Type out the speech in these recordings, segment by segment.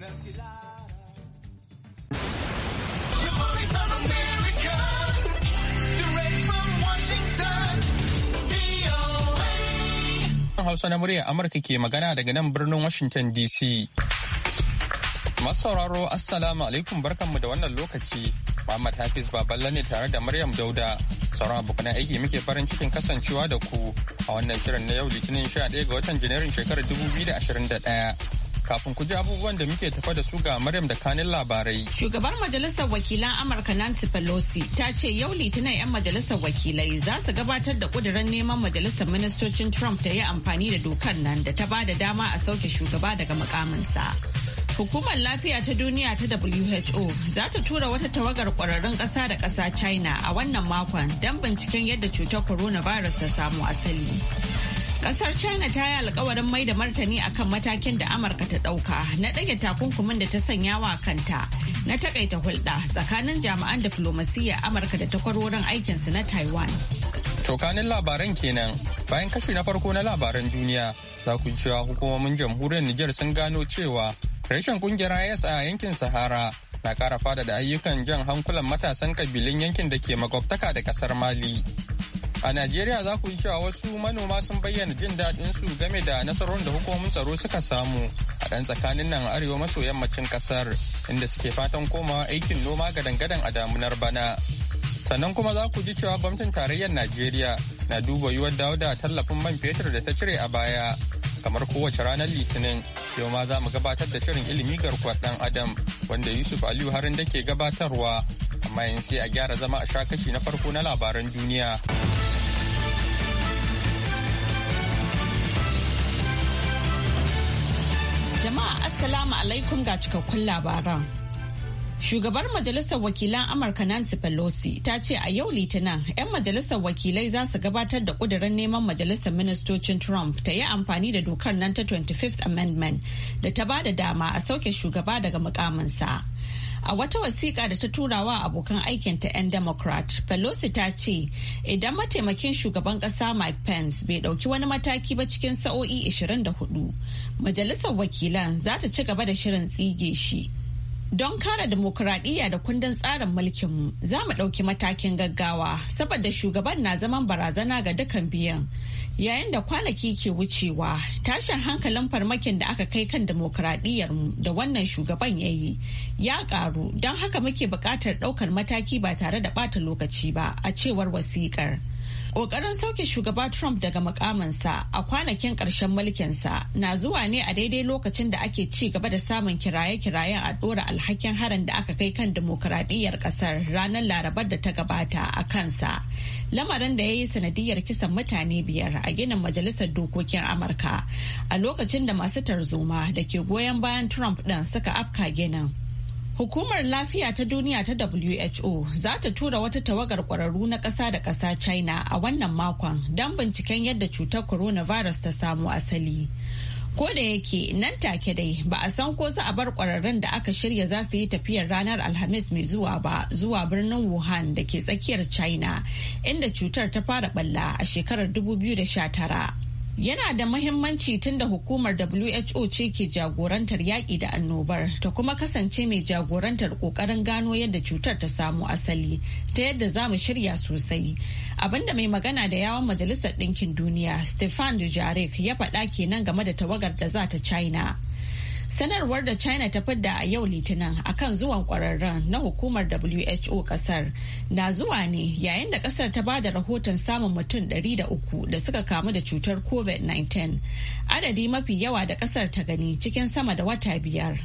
Hausa na murya Amurka ke magana daga nan birnin Washington DC. Masu sauraro Assalamu alaikum barkanmu da wannan lokaci. Muhammad Hafiz Baballe ne tare da Maryam Dauda. Sauran abokan aiki muke farin cikin kasancewa da ku a wannan shirin na yau Litinin 11 ga watan Janairun shekarar 2021. kafin ku ji abubuwan da muke tafa da su ga Maryam da kanin labarai. Shugabar Majalisar Wakilan Amurka Nancy Pelosi ta ce yau Litinin 'yan Majalisar Wakilai za su gabatar da kudirin neman Majalisar Ministocin Trump ta yi amfani da dokar nan da ta ba da dama a sauke shugaba daga mukaminsa. Hukumar Lafiya ta Duniya ta WHO za ta tura wata tawagar kwararrun ƙasa da ƙasa China a wannan makon don binciken yadda cutar coronavirus ta samu asali. Kasar China ta yi alkawarin mai da martani akan matakin da Amurka ta ɗauka na ɗage takunkumin da ta sanya wa kanta na takaita hulɗa tsakanin jami'an diflomasiyya Amurka da takwarorin aikinsu na Taiwan. Tokanin labaran kenan bayan kashi na farko na labaran duniya za ku cewa hukumomin jamhuriyar Nijar sun gano cewa rashin kungiyar IS a yankin Sahara na ƙara fada da ayyukan jan hankulan matasan kabilun yankin da ke makwabtaka da ƙasar Mali. A Najeriya za ku yi cewa wasu manoma sun bayyana jin daɗin su game da nasarorin da hukumomin tsaro suka samu a ɗan tsakanin nan arewa maso yammacin ƙasar inda suke fatan komawa aikin noma gadan-gadan a damunar bana. Sannan kuma za ku ji cewa gwamnatin tarayyar Najeriya na duba yiwuwar dawo da tallafin man fetur da ta cire a baya. Kamar kowace ranar Litinin, yau ma za mu gabatar da shirin ilimi garkuwar ɗan Adam wanda Yusuf Aliyu Harin da ke gabatarwa. Amma yanzu sai a gyara zama a sha na farko na labaran duniya. Jama'a Assalamu alaikum ga cikakkun labaran. Shugabar Majalisar Wakilan Amurka Nancy Pelosi ta ce a yau Litinin 'yan Majalisar Wakilai za su gabatar da ƙudurin neman Majalisar Ministocin Trump ta yi amfani da dokar nan ta 25th Amendment da ta ba da dama a sauke shugaba daga mukaminsa. A wata wasiƙa da ta turawa abokan aikinta 'yan Democrat, Pelosi ta ce, idan mataimakin shugaban ƙasa Mike Pence bai ɗauki wani mataki ba cikin sa'o'i 24, majalisar wakilan za ta ci gaba da shirin tsige shi. Don kare demokuraɗiyya da kundin tsarin mulkinmu za mu ɗauki matakin gaggawa saboda shugaban na zaman barazana ga dukan biyan. Yayin da kwanaki ke wucewa tashin hankalin farmakin da aka kai kan mu da wannan shugaban ya yi ya ƙaru don haka muke buƙatar ɗaukar mataki ba tare da ɓata lokaci ba a cewar wasiƙar. Ƙoƙarin sauke shugaba Trump daga makamansa a kwanakin ƙarshen mulkinsa na zuwa ne a daidai lokacin da ake ci gaba da samun kiraye-kirayen a ɗora alhakin harin da aka kai kan demokuraɗiyyar ƙasar ranar larabar da ta gabata a kansa. Lamarin da ya yi sanadiyar kisan mutane biyar a ginin Majalisar Dokokin Amurka a lokacin da masu tarzoma da ke goyon bayan Trump ɗin suka afka ginin. Hukumar Lafiya ta Duniya ta WHO za ta tura wata tawagar kwararru na ƙasa da ƙasa China a wannan makon don binciken yadda cutar coronavirus ta samu asali. Ko da yake nan take dai ba a san ko za a bar kwararrun da aka shirya za su yi tafiyar ranar Alhamis mai zuwa ba zuwa birnin Wuhan da ke tsakiyar China inda cutar ta fara balla a shekarar 2019. Yana da mahimmanci tun da hukumar WHO ce ke jagorantar yaƙi da annobar ta kuma kasance mai jagorantar ƙoƙarin gano yadda cutar ta samu asali ta yadda za mu shirya sosai. Abinda mai magana da yawon Majalisar Ɗinkin Duniya Stefan dujarek ya faɗa kenan game da tawagar da za ta China. sanarwar da china ta fidda a yau litinin akan zuwan kwararren na hukumar who kasar na zuwa ne yayin da kasar ta ba da rahoton samun mutum 300 da suka kamu da cutar covid-19 adadi mafi yawa da kasar ta gani cikin sama da wata biyar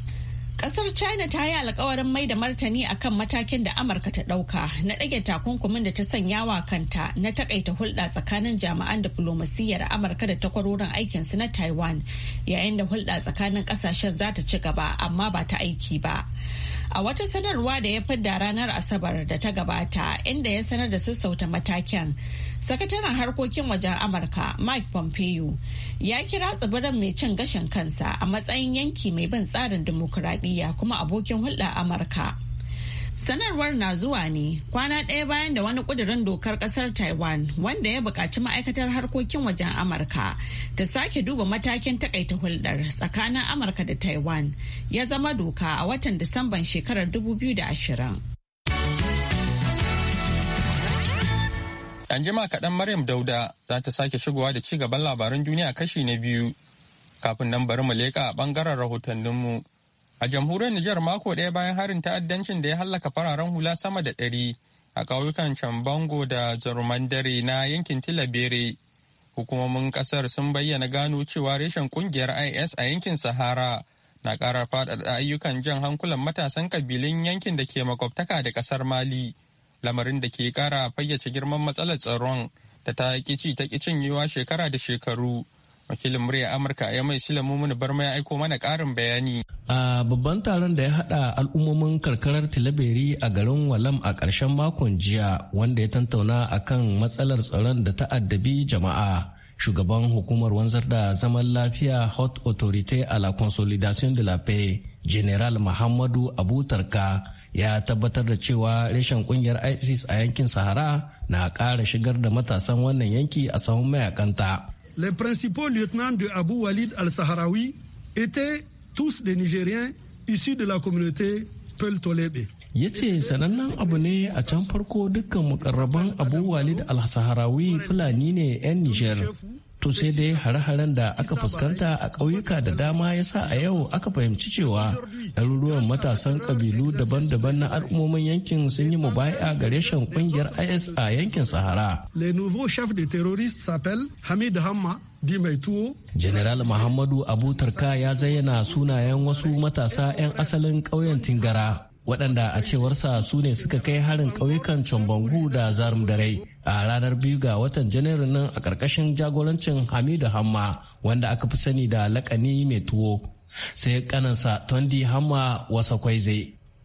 Kasar China ta yi alkawarin mai da martani akan matakin da Amurka ta dauka na dage takunkumin da ta sanya wa kanta na takaita hulɗa tsakanin jami'an diflomasiyyar Amurka da takwarorin aikinsu na Taiwan yayin da hulɗa tsakanin kasashen za ta ci gaba amma ba ta aiki ba. a wata sanarwa da ya fidda ranar asabar da ta gabata inda ya sanar da sassauta matakin sakataren harkokin wajen amurka mike pompeo ya kira tsibirin mai cin gashin kansa a matsayin yanki mai bin tsarin dimokuraɗiyya kuma abokin hulɗa amurka Sanarwar na zuwa ne kwana ɗaya bayan da wani ƙudurin dokar ƙasar Taiwan wanda ya buƙaci ma'aikatar harkokin wajen Amurka ta sake duba matakin takaita hulɗar tsakanin Amurka da Taiwan ya zama doka a watan Disamban shekarar 2020. An jima kaɗan Maryam Dauda za ta sake shigowa da ci gaban labaran duniya kashi na biyu. Kafin nan bari mu leƙa a ɓangaren rahotanninmu. A jamhuriyar Nijar mako ɗaya bayan harin ta'addancin da ya hallaka fararen hula sama da ɗari a ƙauyukan Cambango da Zarumandare na yankin Tilabere. Hukumomin ƙasar sun bayyana gano cewa reshen ƙungiyar IS a yankin Sahara na ƙara faɗaɗa ayyukan jan hankulan matasan kabilun yankin da ke makwabtaka da ƙasar Mali. Lamarin da ke ƙara fayyace girman matsalar tsaron da ta ƙici ta ƙicin yiwa shekara da shekaru. wakilin murya amurka ya mai shila mumuni bar ya aiko mana karin bayani a babban taron da ya hada al'ummomin karkarar tilaberi a garin walam a ƙarshen makon jiya wanda ya tantauna akan matsalar tsaron da ta'addabi jama'a shugaban hukumar wanzar da zaman lafiya hot autorité a la consolidation de la paix general muhammadu abutarka ya tabbatar da cewa reshen kungiyar isis a yankin sahara na ƙara shigar da matasan wannan yanki a tsawon mayakanta les principaux lieutenants de Abu Walid al-Sahraoui étaient tous des Nigériens issus de la communauté Peul Tolébé. ya ce sanannen abu ne a can farko dukkan mukarraban abu walid al-saharawi fulani ne 'yan Niger. To sai dai hare-haren da aka fuskanta a ƙauyuka da dama ya sa a yau aka fahimci cewa ɗaruruwan matasan ƙabilu daban-daban na al'ummomin yankin sun yi mubaya ga reshen ƙungiyar IS a yankin Sahara. Les nouveaux de Hamid Hamma, di mai tuwo. General Muhammadu tarka ya zayyana sunayen wasu matasa 'yan asalin ƙauyen Tingara waɗanda a cewarsa su ne suka kai harin ƙauyukan Cambangu da Zarum Dare a ranar biyu ga watan janairu nan a ƙarƙashin jagorancin hamidu hamma wanda aka fi sani da lakani mai tuwo sai kanansa tondi hamma wasa kwaize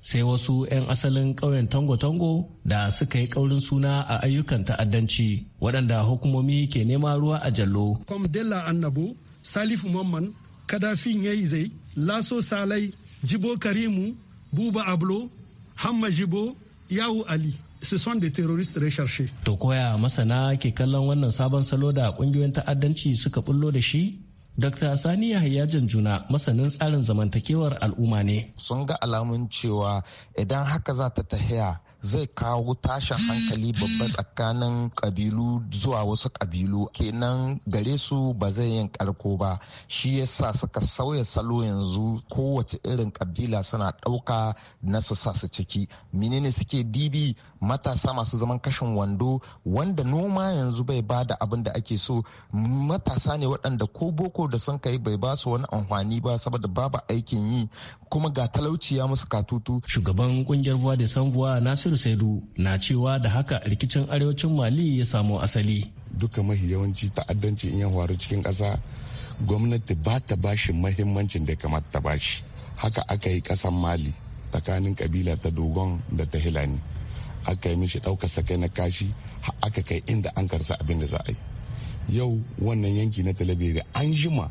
sai wasu 'yan asalin ƙauyen tango-tango da suka yi ƙaurin suna a ayyukan ta'addanci waɗanda hukumomi ke nema ruwa a jallo. Kwamdella Annabu Salifu Mamman, Kadafin Yaizai, Laso Salai, Jibo Karimu, Buba Ablo, Hamma Jibo, Yahu Ali. ce sont des terroristes recherchés. To koya masana ke kallon wannan sabon salo da kungiyoyin ta'addanci suka bullo da shi? Dr. Sani Yahya Janjuna masanin tsarin zamantakewar al'umma ne. Sun ga alamun cewa idan haka za ta tahiya zai kawo tashin hankali babba tsakanin kabilu zuwa wasu kabilu kenan gare su ba zai yin karko ba shi yasa suka sauya salo yanzu kowace irin kabila suna ɗauka na su sa su ciki menene suke dibi matasa masu zaman kashin wando wanda noma yanzu bai ba da abin da ake so matasa ne waɗanda ko boko da sun kai bai ba su wani amfani ba saboda babu aikin yi kuma ga talauci ya musu katutu shugaban kungiyar da san nasu Hassan Saidu na cewa da haka rikicin arewacin Mali ya samo asali. Duka mahi yawanci ta'addanci in yan faru cikin ƙasa gwamnati ba ta bashi mahimmancin da kamata ta bashi. Haka aka yi ƙasan Mali tsakanin kabila ta dogon da ta hilani. Aka yi mishi ɗauka sakai na kashi aka kai inda an karsa abin da za a yi. Yau wannan yanki na talabere an jima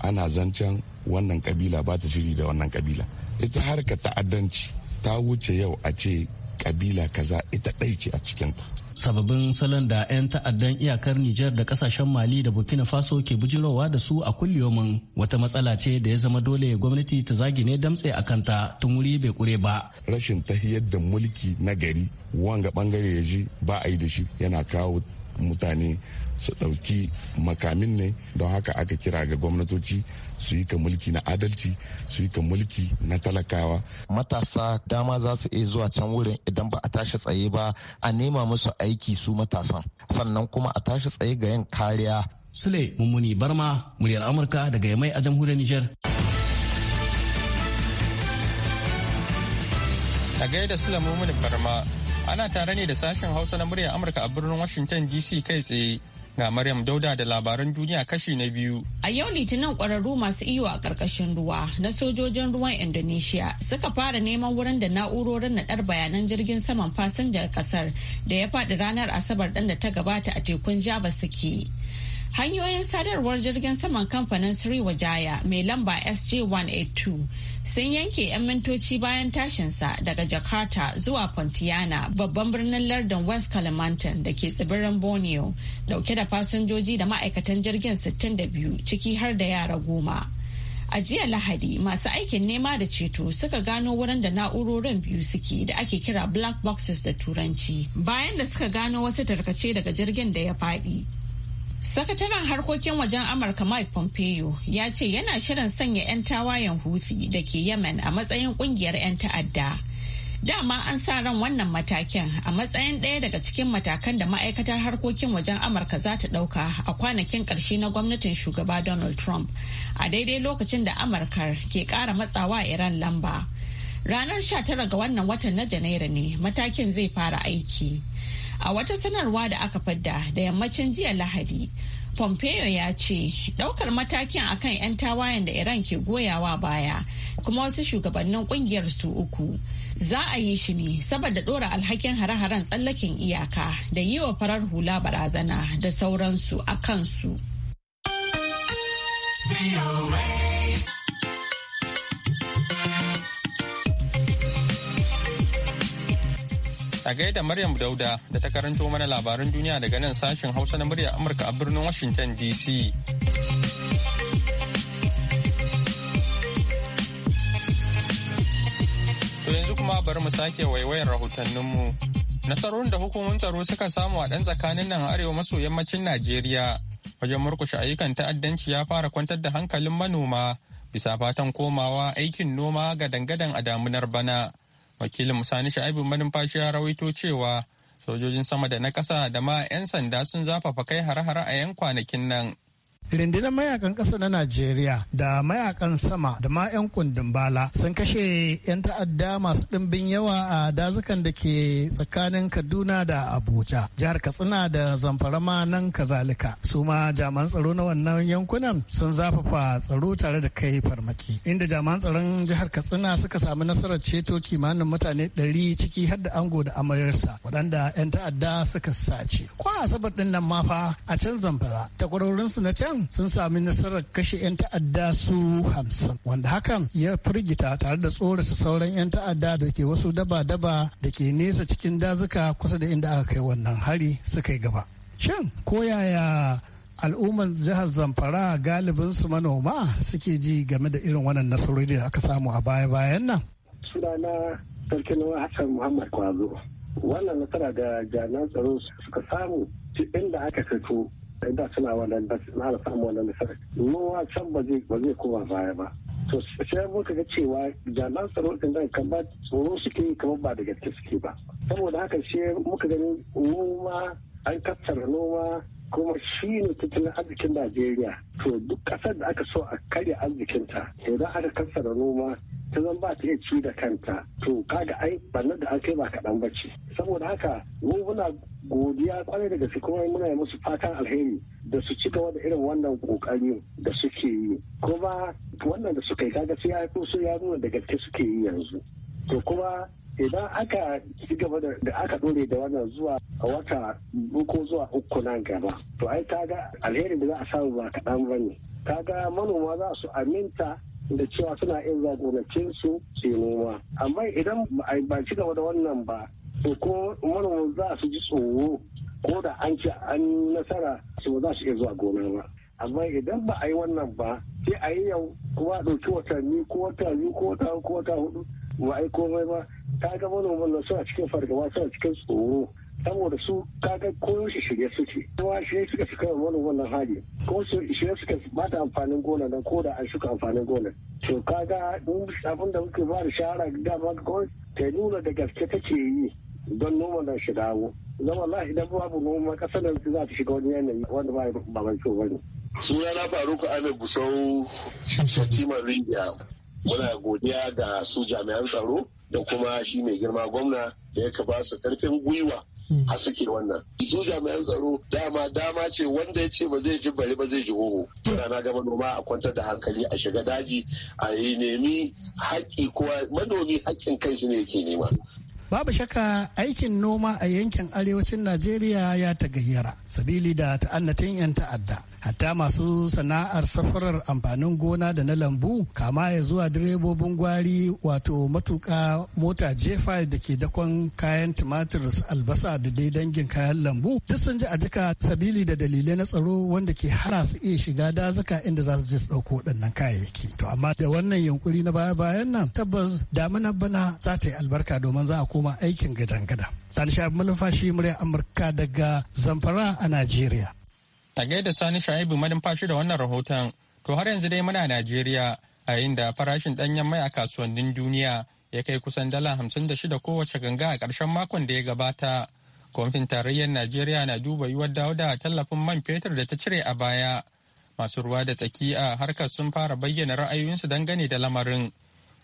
ana zancen wannan kabila ba ta shiri da wannan kabila ita harka ta'addanci ta wuce yau a ce kabila kaza ita ɗai ce a cikinta. sababbin salon da 'yan ta'addan iyakar Nijar da kasashen Mali da Burkina Faso ke bujirowa da su a kulliyomin wata matsala ce da ya zama dole gwamnati ta zagi ne damtse a kanta tun wuri bai kure ba. Rashin tahiyar da mulki na gari wanga bangare ya ji ba a yi da shi yana kawo mutane su ɗauki makamin ne don haka aka kira ga gwamnatoci su yi ka mulki na adalci su yi ka mulki na talakawa matasa dama za su iya zuwa can wurin idan ba a tashi tsaye ba a nema musu aiki su matasan sannan kuma a tashi tsaye ga yin kariya sule mummuni barma muryar amurka daga yamai a jamhuriyar niger a gaida sule mummuni barma ana tare ne da sashen hausa na muryar amurka a birnin washington dc kai tsaye Ga Maryam Dauda da labaran duniya kashi na biyu. A yau litinin kwararru masu iyo a ƙarƙashin ruwa na sojojin ruwan Indonesia suka fara neman wurin da na'urorin naɗar bayanan jirgin saman fasinjar ƙasar da ya faɗi ranar Asabar ɗan da ta gabata a tekun Java suke. Hanyoyin sadarwar jirgin saman kamfanin jaya mai lamba SJ-182 sun yanke 'yan mintoci bayan tashinsa daga Jakarta zuwa Pontiana babban birnin lardin West Kalimantan da ke tsibirin Borneo dauke da fasinjoji da ma'aikatan jirgin 62 ciki har da yara goma. A jiya Lahadi masu aikin nema da ceto suka gano wurin da na'urorin biyu suke da ake kira black boxes da turanci. Bayan da suka gano wasu tarkace daga jirgin da ya faɗi. Sakataren harkokin wajen Amurka Mike Pompeo ya ce yana shirin sanya 'yan tawayen Houthi da ke Yemen a matsayin kungiyar 'yan ta'adda. Dama an sa ran wannan matakin a matsayin ɗaya daga cikin matakan da ma'aikatar harkokin wajen Amurka za ta ɗauka a kwanakin ƙarshe na gwamnatin shugaba Donald Trump a daidai lokacin da amurka ke ƙara matsawa Iran lamba. Ranar 19 ga wannan watan na Janairu ne matakin zai fara aiki. A wata sanarwa da aka fadda da yammacin jiya Lahadi, Pompeo ya ce daukar matakin akan 'yan tawayen da Iran ke goyawa baya kuma wasu shugabannin kungiyar su uku. Za a yi shi ne saboda ɗora alhakin hare-haren tsallaken iyaka da yi wa farar hula barazana da sauransu a kansu. A gaida Maryam Dauda da ta karanto mana labaran duniya daga nan sashen Hausa na murya Amurka a birnin Washington DC. To yanzu kuma bari mu sake waiwayar rahotanninmu. Nasarorin da hukumomin tsaro suka samu a ɗan tsakanin nan arewa maso yammacin Najeriya wajen murkushe ayyukan ta'addanci ya fara kwantar da hankalin manoma bisa fatan komawa aikin noma ga dangadan a damunar bana. wakilin musani sha'ibu manumfashi ya rawaito cewa sojojin sama da na kasa da ma 'yan sanda sun zafafa kai hare-hare a 'yan kwanakin nan rindinan mayakan ƙasa na Najeriya da mayakan sama da ma 'yan kundin bala sun kashe 'yan ta'adda masu ɗimbin yawa a dazukan da ke tsakanin Kaduna da Abuja, jihar Katsina da Zamfarama nan kazalika. Su ma jaman tsaro na wannan yankunan sun zafafa tsaro tare da kai farmaki. Inda jaman tsaron jihar Katsina suka samu nasarar ceto kimanin mutane ɗari ciki har da ango da amaryarsa waɗanda 'yan ta'adda suka sace. Ko asabar ɗin nan ma a can Zamfara, takwarorinsu na can sun sami nasarar kashe 'yan ta'adda su hamsin wanda hakan ya firgita tare da tsorata sauran 'yan ta'adda da ke wasu daba-daba da ke nesa cikin dazuka kusa da inda aka kai wannan hari suka yi gaba shin ko yaya al'ummar jihar zamfara galibin su manoma suke ji game da irin wannan nasarori da aka samu a baya-bayan nan sunana sarkin hassan muhammad kwazo wannan nasara da jami'an tsaro suka samu inda aka fito da suna wannan da suna samu wannan nasara nowa can ba zai ba koma baya ba to sai muka ga cewa jami'an tsaro din nan kan ba tsoro suke kamar ba da gaske suke ba saboda haka sai muka gani noma an kassara noma kuma shi ne tattalin arzikin najeriya to duk ƙasar da aka so a karya arzikinta idan aka da noma ta zan ba ta iya ci da kanta to kaga ai bannan da an kai ba kaɗan ba ce saboda haka mu muna godiya kwarai da gaske kuma muna yi musu fatan alheri da su ci gaba da irin wannan kokari da suke yi kuma wannan da suka yi kaga sai ya fi so ya nuna da gaske suke yi yanzu to kuma idan aka ci gaba da aka dore da wannan zuwa wata ko zuwa uku nan gaba to ai kaga alherin da za a samu ba kaɗan ba ne kaga manoma za su aminta da cewa suna yin zagonakin su su noma amma idan ba ci gaba da wannan ba to ko manoma za su ji tsoro ko da an ci an nasara su za su iya zuwa gona ba amma idan ba a yi wannan ba sai a yi yau kuma ɗauki watanni ko wata biyu ko wata ko wata hudu ba ai komai ba ta ga manoman nan suna cikin fargaba suna cikin tsoro saboda su ga koyaushe shirye suke kuma shirye suka suka manoman nan hali ko su shirye suka bata amfanin gona nan ko da an shuka amfanin gona to ga abin da muke ba da shahara dama kawai ta nuna da gaske take yi don noma nan shi dawo don wallahi idan babu noma kasar nan za ta shiga wani yanayi wanda ba ba mai ba bane suna na Busau, ahmed gusau shatima muna godiya ga su jami'an tsaro da kuma shi mai girma gwamna da ya ba su karfin gwiwa a suke wannan su jami'an tsaro dama dama ce wanda ya ce ba zai ji bari ba zai ji hoho na ga manoma a kwantar da hankali a shiga daji a yi nemi haƙƙi kuwa manomi haƙƙin shi ne yake nema Babu shakka aikin noma a yankin arewacin Najeriya ya tagayyara sabili da ta'annatin 'yan ta'adda. hatta masu sana'ar safarar amfanin gona da na lambu kama ya zuwa direbobin gwari wato matuka mota jefa da ke dakon kayan tumatir albasa da dai dangin kayan lambu duk sun ji a jika sabili da dalilai na tsaro wanda ke hana su iya shiga dazuka inda za su je su ɗauko waɗannan kayayyaki to amma da wannan yunkuri na baya bayan nan tabbas damuna bana za ta yi albarka domin za a koma aikin gadan gada sani shafi malafashi murya amurka daga zamfara a najeriya A gaida Sani Shaibu fashi da wannan rahoton, to har yanzu dai muna Najeriya a inda farashin ɗanyen mai a kasuwannin duniya ya kai kusan dala hamsin da shida kowace ganga a ƙarshen makon da ya gabata. kwamfin tarayyar Najeriya na duba yiwuwar dawo da tallafin man fetur da ta cire a baya. Masu ruwa da tsaki a harkar sun fara bayyana ra'ayoyinsu dangane da lamarin.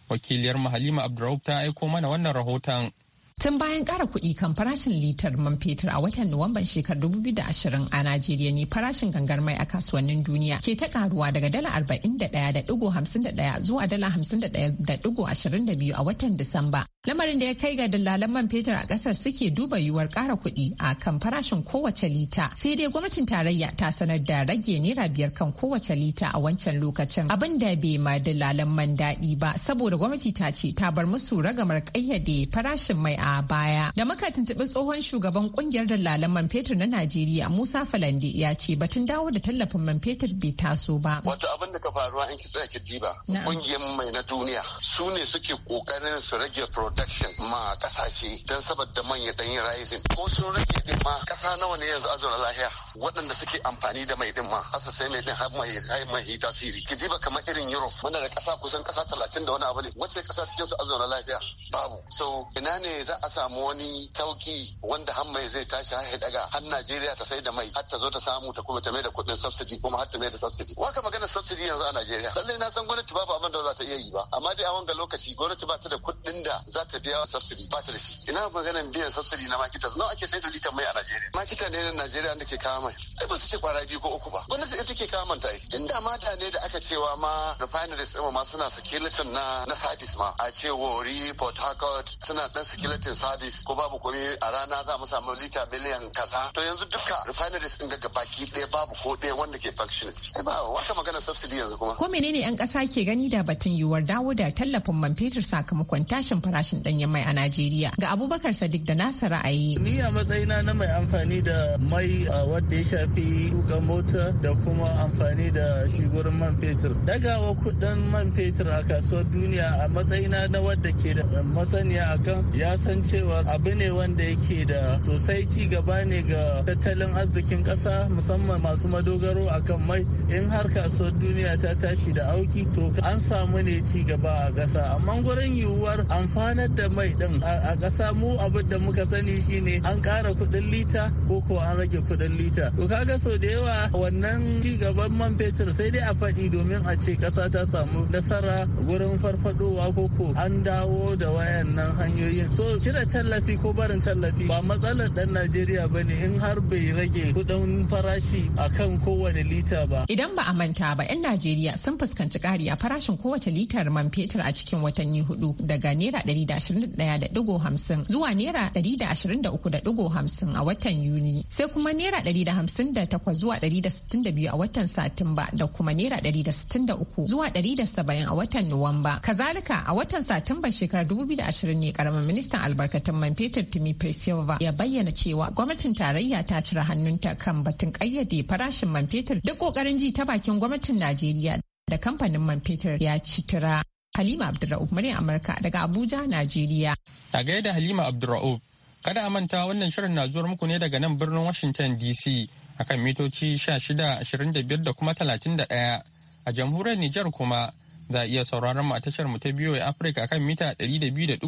Wakiliyar Halima Abdurrahman ta aiko mana wannan rahoton. tun bayan ƙara kuɗi kan farashin litar man fetur a watan nuwamban shekarar 2020 a najeriya ne farashin gangar mai a kasuwannin duniya ke ta karuwa daga dala 41.51 zuwa dala 51.22 a watan disamba lamarin da ya kai ga dalalan man fetur a ƙasar suke duba yiwuwar ƙara kuɗi a kan farashin kowace lita sai dai gwamnatin tarayya ta sanar da rage naira biyar kan kowace lita a wancan lokacin abin da bai ma dalalan man daɗi ba saboda gwamnati ta ce ta bar musu ragamar ƙayyade farashin mai a baya. Da muka tuntuɓi tsohon shugaban kungiyar dalalan man fetur na Najeriya Musa Falande ya ce batun dawo da tallafin man fetur bai taso ba. Wato abin da ka faruwa in ki tsaya ki diba. Kungiyar mai na duniya su ne suke kokarin su rage production ma kasashe don saboda manya dan yin rising. Ko sun rage din ma kasa nawa ne yanzu azura lahiya waɗanda suke amfani da mai din ma asa sai mai din har mai yi tasiri. Ki diba kamar irin Europe muna da kasa kusan kasa talatin da wani abu ne. wacce kasa cikin su azura lahiya Babu. So ina ne za a samu wani sauki wanda har mai zai tashi har daga har Najeriya ta sai da mai har ta zo ta samu ta kuma ta mai da kuɗin subsidy kuma har ta mai da subsidy waka magana subsidy yanzu a Najeriya lallai na san gwamnati babu abin da za ta iya yi ba amma dai a wanga lokaci gwamnati ba ta da kuɗin da za ta biya subsidy ba ta da shi ina maganan biyan subsidy na makita? nawa ake sai da litan mai a Najeriya makita ne na Najeriya da ke kawo mai ai ba su ce kwara biyu ko uku ba gwamnati ita ke kawo manta ai inda ma da ne da aka cewa ma refineries ɗin ma suna skeleton na na service ma a ce Wori Port Harcourt suna dan skeleton community service ko babu a rana za mu samu lita miliyan kaza to yanzu duka refineries din ga baki ɗaya babu ko ɗaya wanda ke function eh ba wata magana subsidy yanzu kuma ko menene yan kasa ke gani da batun yiwuwar dawo da tallafin man fetur sakamakon tashin farashin danyen mai a Najeriya ga Abubakar Sadiq da nasa ra'ayi ni a matsayina na mai amfani da mai a wanda ya shafi kuka mota da kuma amfani da shigar man fetur dagawa kuɗin man fetur a kasuwar duniya a matsayina na wadda ke da masaniya akan ya san san cewa abu ne wanda yake da sosai ci gaba ne ga tattalin arzikin ƙasa musamman masu madogaro akan mai in har kasuwar duniya ta tashi da auki to an samu ne ci gaba a kasa. amma gurin yiwuwar amfanar da mai din a ƙasa mu abin da muka sani shine an ƙara kuɗin lita ko ko an rage kuɗin lita to kaga so da yawa wannan ci gaban man fetur sai dai a faɗi domin a ce kasa ta samu nasara gurin farfadowa ko ko an dawo da wayannan hanyoyin so cire tallafi ko barin tallafi ba matsalar dan Najeriya ba ne in har bai rage kudin farashi akan kowane lita ba. Idan ba a manta ba 'yan Najeriya sun fuskanci ƙari a farashin kowace litar man fetur a cikin watanni hudu daga naira 121.50 zuwa naira 123.50 a watan Yuni sai kuma naira 158 zuwa 162 a watan Satumba da kuma naira 163 zuwa 170 a watan Nuwamba. Kazalika a watan Satumba shekarar 2020 ne karamin ministan albarkatun man fetur Timi Silva ya bayyana cewa gwamnatin tarayya ta cire hannunta kan batun kayyade farashin man fetur duk kokarin ji ta bakin gwamnatin Najeriya da kamfanin man fetur ya citira. Halima Abdurra'ub murya Amurka daga Abuja, Najeriya. A gaida Halima Abdurra'ub, kada a manta wannan shirin na zuwa muku ne daga nan birnin Washington DC akan mitoci 1625 da kuma 31 a jamhuriyar niger kuma za a iya sauraron mu a tashar mu ta biyu Afirka akan mita 200.5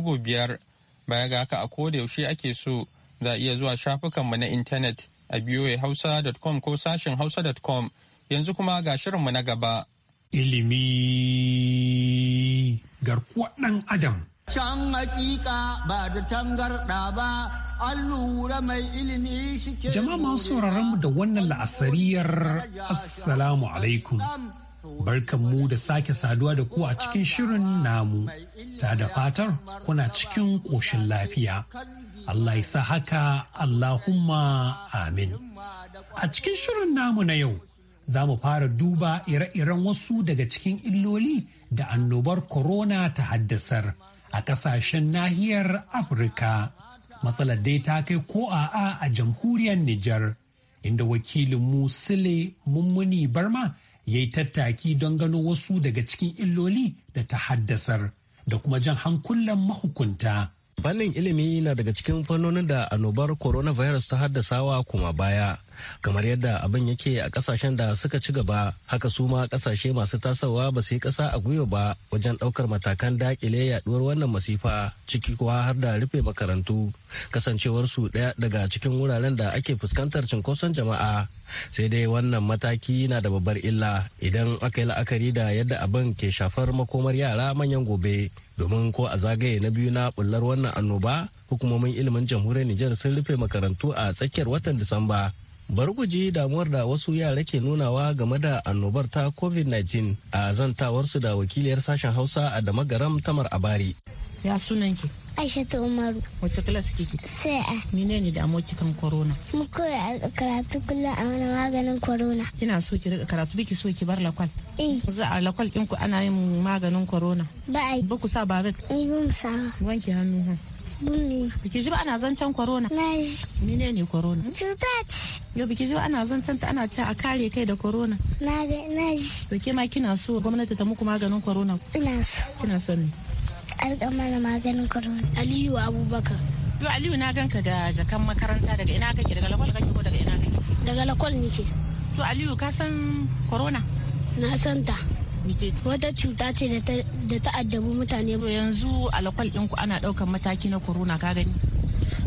Baya ga haka a koda yaushe ake so za a iya zuwa shafukanmu na intanet a hausa.com ko sashen hausa.com yanzu kuma ga shirinmu na gaba. Ilimi garkuwa ɗan Adam. Can hakika ba da tangarɗa ba, an lura mai ilimi shi Jama'a masu sauraron mu da wannan la'asariyar Assalamu alaikum. mu da sake saduwa da ku a cikin shirin namu, ta da fatar kuna cikin ƙoshin lafiya. Allah ya sa haka Allahumma amin. A cikin shirin namu na yau, za mu fara duba ire-iren wasu daga cikin illoli da annobar corona ta haddasar a ƙasashen nahiyar Afirka. Matsalar dai ta kai ko a'a a jamhuriyar Nijar, inda wakilin mu Mummuni Barma ya yi tattaki don gano wasu daga cikin illoli da ta haddasar da kuma jan hankulan mahukunta. Fannin ilimi na daga cikin fannonin da annobar coronavirus ta haddasawa kuma baya. kamar yadda abin yake a kasashen da suka ci gaba haka su ma kasashe masu tasowa ba su yi kasa a gwiwa ba wajen ɗaukar matakan dakile yaduwar wannan masifa ciki kuwa har da rufe makarantu kasancewar su ɗaya daga cikin wuraren da ake fuskantar cinkoson jama'a sai dai wannan mataki na da babbar illa idan aka yi la'akari da yadda abin ke shafar makomar yara manyan gobe domin ko a zagaye na biyu na bullar wannan annoba hukumomin ilimin jamhuriyar Nijar sun rufe makarantu a tsakiyar watan Disamba Bari ku ji damuwar da wasu yara ke nunawa game da annobar ta COVID-19 a zantawarsu da wakiliyar sashen Hausa a Garam Tamar Abari. Ya sunan ki? Aisha ta Umaru. Wace kilasi kike? Sai a. Mene ne da amoki kan corona? Mu koyi karatu kullum a wani maganin corona. Kina so ki rika karatu biki so ki bar lakwal? Eh. Za a lakwal ɗinku ana yin maganin corona? Ba a yi. Ba ku sa baret? Ni ba mu sa. Wanke hannu ha. Biki ji ba ana zancen corona? Na ji. Mene ne corona? Cuta ce. Yo biki ji ba ana zancen ta ana ce a kare kai da corona? Na ga na ji. To ma kina so gwamnati ta muku maganin corona? Ina so. Kina so ne? Alƙa mana maganin corona. Aliyu Abubakar. Yo Aliyu na ganka da jakan makaranta daga ina kake daga lakwal kake ko daga ina kake? Daga lakwal nike. To Aliyu ka san corona? Na san ta. wata cuta ce da ta addabi mutane yanzu alkwal ɗinku ana ɗaukar mataki na corona ka gani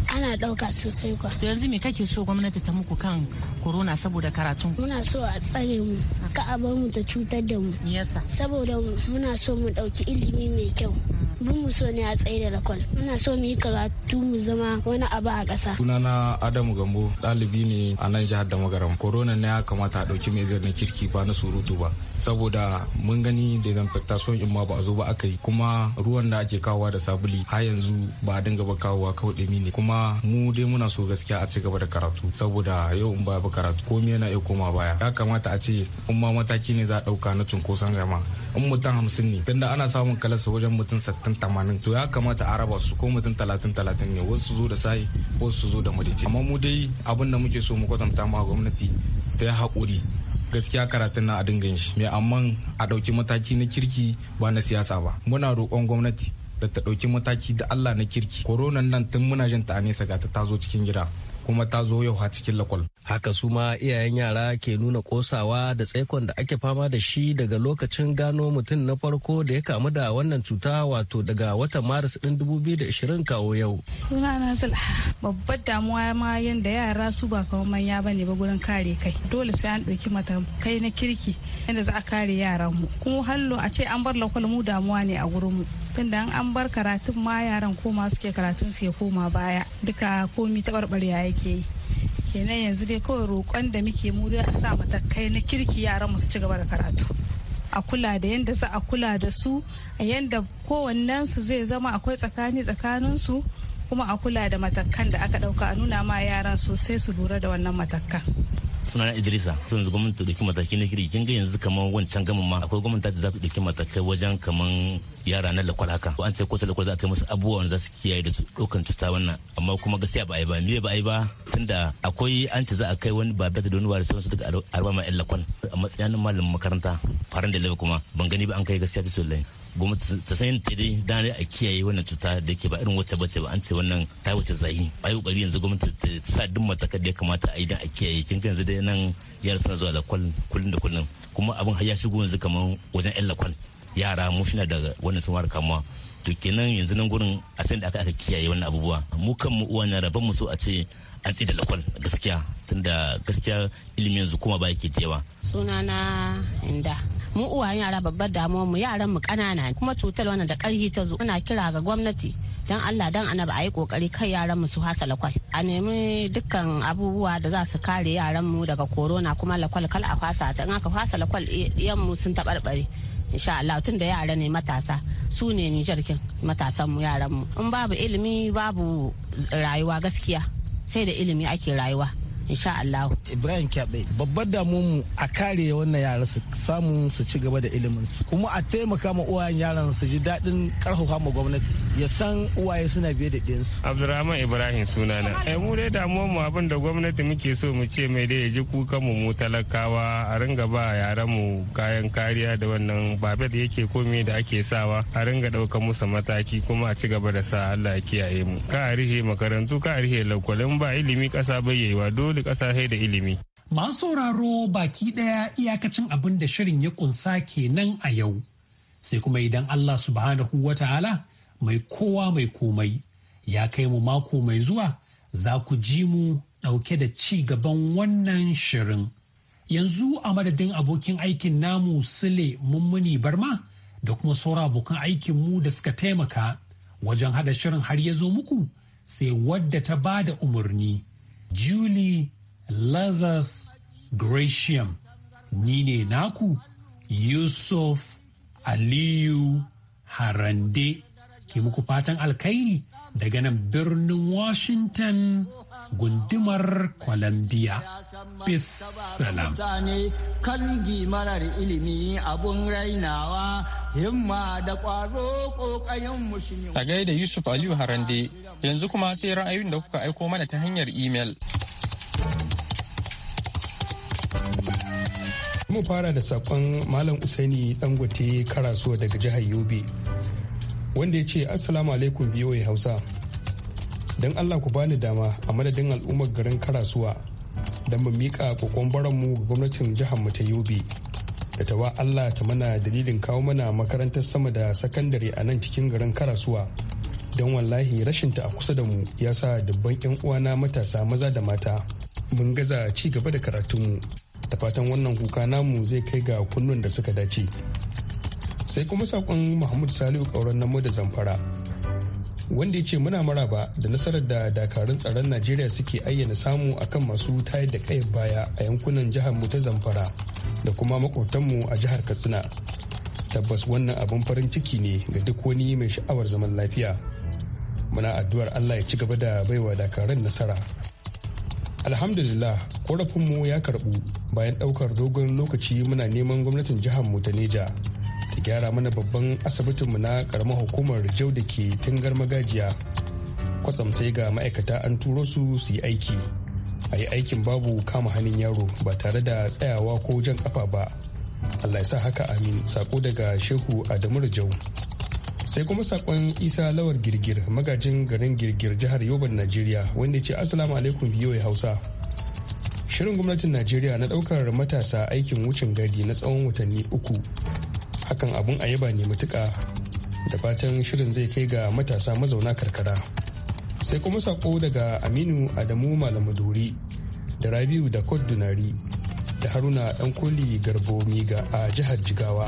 ana ɗauka sosai kwa. yanzu me kake so gwamnati ta muku kan corona saboda karatun muna so a tsare mu ka a mu ta cutar da mu yasa saboda muna so mu ɗauki ilimi mai kyau mun mu so ne a tsaye da lakwal muna so mu yi karatu mu zama wani abu a ƙasa sunana adamu gambo ɗalibi ne a nan jihar da magaram korona ne ya kamata a ɗauki mai zirnin kirki ba na surutu ba saboda mun gani son in ma ba a zo ba aka yi kuma ruwan da ake kawowa da sabuli har yanzu ba a dinga ba kawowa kawai ɗumi ne kuma mu dai muna so gaskiya a ci gaba da karatu saboda yau in ba karatu komai yana iya koma baya ya kamata a ce in ma mataki ne za a ɗauka na cunkoson gama in mutum hamsin ne tunda ana samun kalasa wajen mutum sattin talatin tamanin to ya kamata a raba su ko mutum talatin talatin ne wasu zo da sai wasu zo da madaidaici amma mu dai abin da muke so mu kwatanta ma gwamnati ta yi haƙuri gaskiya karatun na a dinga shi mai amma a ɗauki mataki na kirki ba na siyasa ba muna roƙon gwamnati da ta ɗauki mataki da Allah na kirki koronan nan tun muna jin ta a nesa ga ta zo cikin gida kuma ta zo yau ha cikin lakwal Haka su ma iyayen yara ke nuna kosawa da tsaikon da ake fama da shi daga lokacin gano mutum na farko da ya kamu da wannan cuta wato daga watan Maris ɗin 2020 kawo yau. Suna na babbar damuwa ma yadda yara su ba kawo manya ba ne ba gurin kare kai. Dole sai an ɗauki matakai na kirki yadda za a kare yaran mu. Kuma hallo a ce an bar lakwal mu damuwa ne a wurin mu. Tunda an bar karatun ma yaran koma suke karatun suke koma baya duka komi taɓarɓarya yake yi. kenan yanzu dai kawai roƙon da muke mu a sa matakai na kirki yaran mu su ci gaba da karatu a kula da yadda za a kula da su a yadda kowannensu zai zama akwai tsakani tsakaninsu kuma a kula da matakan da aka dauka a nuna ma yaran sosai su lura da wannan matakan suna na idrisa sun zuba mun ta dauki mataki na kiri kin ga yanzu kamar wancan gamin ma akwai gwamnati za ta dauki matakai wajen kamar yara na lakwal haka ko an ce kota lakwal za ta musu abubuwan za su kiyaye da dokan tuta wannan amma kuma gaskiya ba a yi ba ni ba a yi ba tunda akwai an ce za a kai wani babu da wani wari sai su duka arba ma yan lakwal a matsayin malamin makaranta faran da laba kuma ban gani ba an kai gaskiya bisu lai gwamnati ta san ta dai dane a kiyaye wannan cuta da ke ba irin wacce bace ba an ce wannan ta wuce zahi ayi kokari yanzu gwamnati ta sa duk matakan da ya kamata a yi dan a kiyaye kin yanzu dai nan yara suna zuwa lakwal kullun da kullun kuma abin har ya shigo yanzu kamar wajen yan lakwal yara mu na da wannan sun kamuwa to kenan yanzu nan gurin a san da aka aka kiyaye wannan abubuwa mu kan mu uwa na rabon mu so a ce an da lakwal gaskiya tunda gaskiya ilimin yanzu kuma ba yake tewa. suna na inda mu uwayen yara babbar damuwar mu yaran mu kanana kuma cutar wannan da karhi ta zo ana kira ga gwamnati dan Allah dan ana ba a yi kokari kai yaran mu su hasa lakwal a nemi dukkan abubuwa da za su kare yaran mu daga korona kuma lakwal kal a fasa ta in aka fasa lakwal yan mu sun taɓarɓare insha Allah tun da yara ne matasa su ne ni jirgin matasan mu yaran mu in babu ilimi babu rayuwa gaskiya sai da ilimi ake rayuwa insha Allah Ibrahim Kyaɓe, babbar damuwar mu a kare wannan yara su samu su ci gaba da ilimin su kuma a taimaka ma uwayen yaran su ji daɗin ƙarfafa ma gwamnati ya san uwaye suna biye da ɗiyansu Abdulrahman Ibrahim sunana eh mu dai damuwar mu abin da gwamnati muke so mu ce mai dai ya ji kukan mu mu talakawa a ringa ba yaran mu kayan kariya da wannan babet yake komai da ake sawa a ringa ɗaukar musu mataki kuma a ci gaba da sa Allah ya kiyaye mu ka rihe makarantu ka rihe lakwalin ba ilimi ƙasa bai yi wa dole wani da ilimi. Masu sauraro baki ɗaya iyakacin abin da shirin ya ƙunsa kenan a yau. Sai kuma idan Allah subhanahu wa ta'ala mai kowa mai komai ya kai mu mako mai zuwa za ku ji mu ɗauke da ci gaban wannan shirin. Yanzu a madadin abokin aikin namu Sule Mummuni Barma da kuma saura abokan aikin mu da suka taimaka wajen haɗa shirin har ya zo muku sai wadda ta ba da umarni. Julie Lazarus Gratiam. Ni ne naku Yusuf Aliyu Harande ke muku fatan alkhairi daga nan birnin Washington gundumar Columbia. Bis salam. ilimi abun rainawa himma da ƙwaro ƙoƙayen mushin A gaida Yusuf Aliyu Harande yanzu kuma sai ra'ayin da kuka aiko mana ta hanyar imel. mu fara da sakon malam usaini dangote karasuwa daga jihar yobe wanda ya ce assalamu alaikum biyoyi hausa don allah ku bani dama a madadin al'ummar garin karasuwa don mu miƙa kokon baranmu ga gwamnatin jihar mu ta yobe da tawa allah ta mana dalilin kawo mana makarantar sama da sakandare a nan cikin garin karasuwa don wallahi rashin ta a kusa da mu ya sa dubban 'yan uwana matasa maza da mata mun gaza ci gaba da karatunmu da fatan wannan kuka namu zai kai ga kunnun da suka dace sai kuma saƙon mahmud salihu kauran namu da zamfara wanda ya ce muna maraba da nasarar da dakarun tsaron najeriya suke ayyana samu akan masu tayar da kayan baya a yankunan jihar mu ta zamfara da kuma makwabtanmu a jihar katsina tabbas wannan abin farin ciki ne ga duk wani mai sha'awar zaman lafiya muna addu'ar allah ya ci gaba da baiwa dakarun nasara alhamdulillah korafinmu ya karbu bayan ɗaukar dogon lokaci muna neman gwamnatin jihar mu ta neja gyara mana babban asibitinmu na karamar hukumar jau da ke tingar magajiya kwatsam sai ga ma'aikata an turo su su yi aiki a yi aikin babu kama hannun yaro ba tare da tsayawa ko jan kafa ba allah ya sa haka amin sako daga shehu adamu Jau. sai kuma sakon isa lawar girgir magajin garin girgir jihar yoban najeriya wanda ce asalamu alaikum biyoyi hausa shirin gwamnatin najeriya na daukar matasa aikin wucin gadi na tsawon watanni uku hakan abun a yaba ne matuka da fatan shirin zai kai ga matasa mazauna karkara sai kuma sako daga aminu adamu malamaduri da rabiu da kodunari da haruna koli garbo miga a jihar jigawa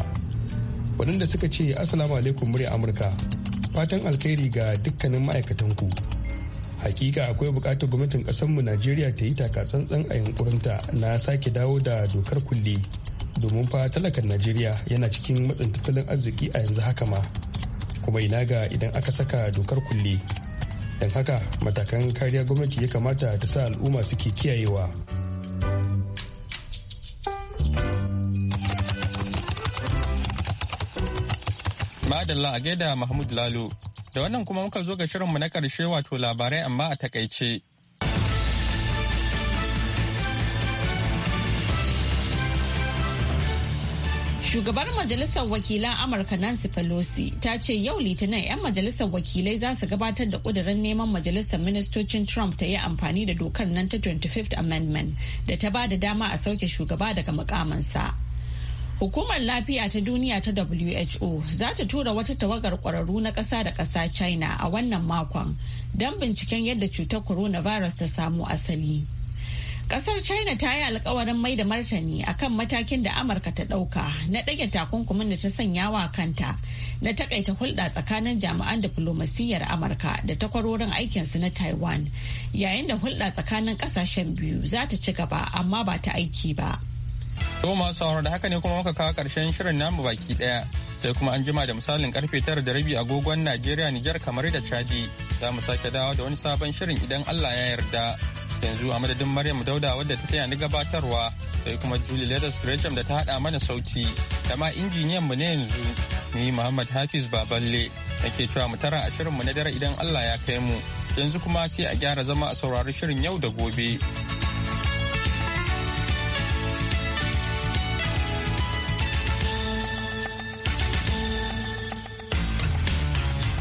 waɗanda suka ce asalamu alaikum murya amurka fatan alkhairi ga dukkanin ma'aikatanku hakika akwai bukatar gwamnatin kasanmu najeriya ta yi takatsantsan a yankurinta na sake dawo da dokar kulle domin fa talakan najeriya yana cikin matsin tattalin arziki a yanzu haka ma kuma ina ga idan aka saka dokar kulle don haka matakan kariya gwamnati ya kamata ta sa al'umma suke kiyayewa madalla a gaida mahmud lalo da wannan kuma muka zo ga shirinmu na karshe wato labarai amma a takaice Shugabar Majalisar Wakilan Amurka Nancy Pelosi ta ce yau Litinin 'yan Majalisar Wakilai za su gabatar da ƙudurin neman Majalisar Ministocin Trump ta yi amfani da dokar nan ta 25th Amendment da ta ba da dama a sauke shugaba daga mukamansa. Hukumar Lafiya ta Duniya ta WHO za ta tura wata tawagar ƙwararru na ƙasa da ƙasa China a wannan makon don binciken yadda cutar coronavirus ta samu asali. Kasar China ta yi alkawarin mai da martani akan matakin da Amurka ta ɗauka na ɗage takunkumin da ta sanya wa kanta na takaita hulɗa tsakanin jami'an diflomasiyyar Amurka da takwarorin aikinsu na Taiwan yayin da hulɗa tsakanin ƙasashen biyu za ta ci gaba amma ba ta aiki ba. Yau masu da haka ne kuma muka kawo karshen shirin namu baki ɗaya sai kuma an jima da misalin karfe tara da rabi agogon Najeriya Nijar kamar da Chadi za mu sake dawo da wani sabon shirin idan Allah ya yarda. yanzu a madadin maryam dauda wadda ta taya ni gabatarwa sai kuma julie Letters gresham da ta haɗa mana sauti da ma injiniyan mu ne yanzu ni muhammad hafiz baballe nake cewa mu tara a shirin mu na dare idan allah ya kai mu yanzu kuma sai a gyara zama a saurari shirin yau da gobe.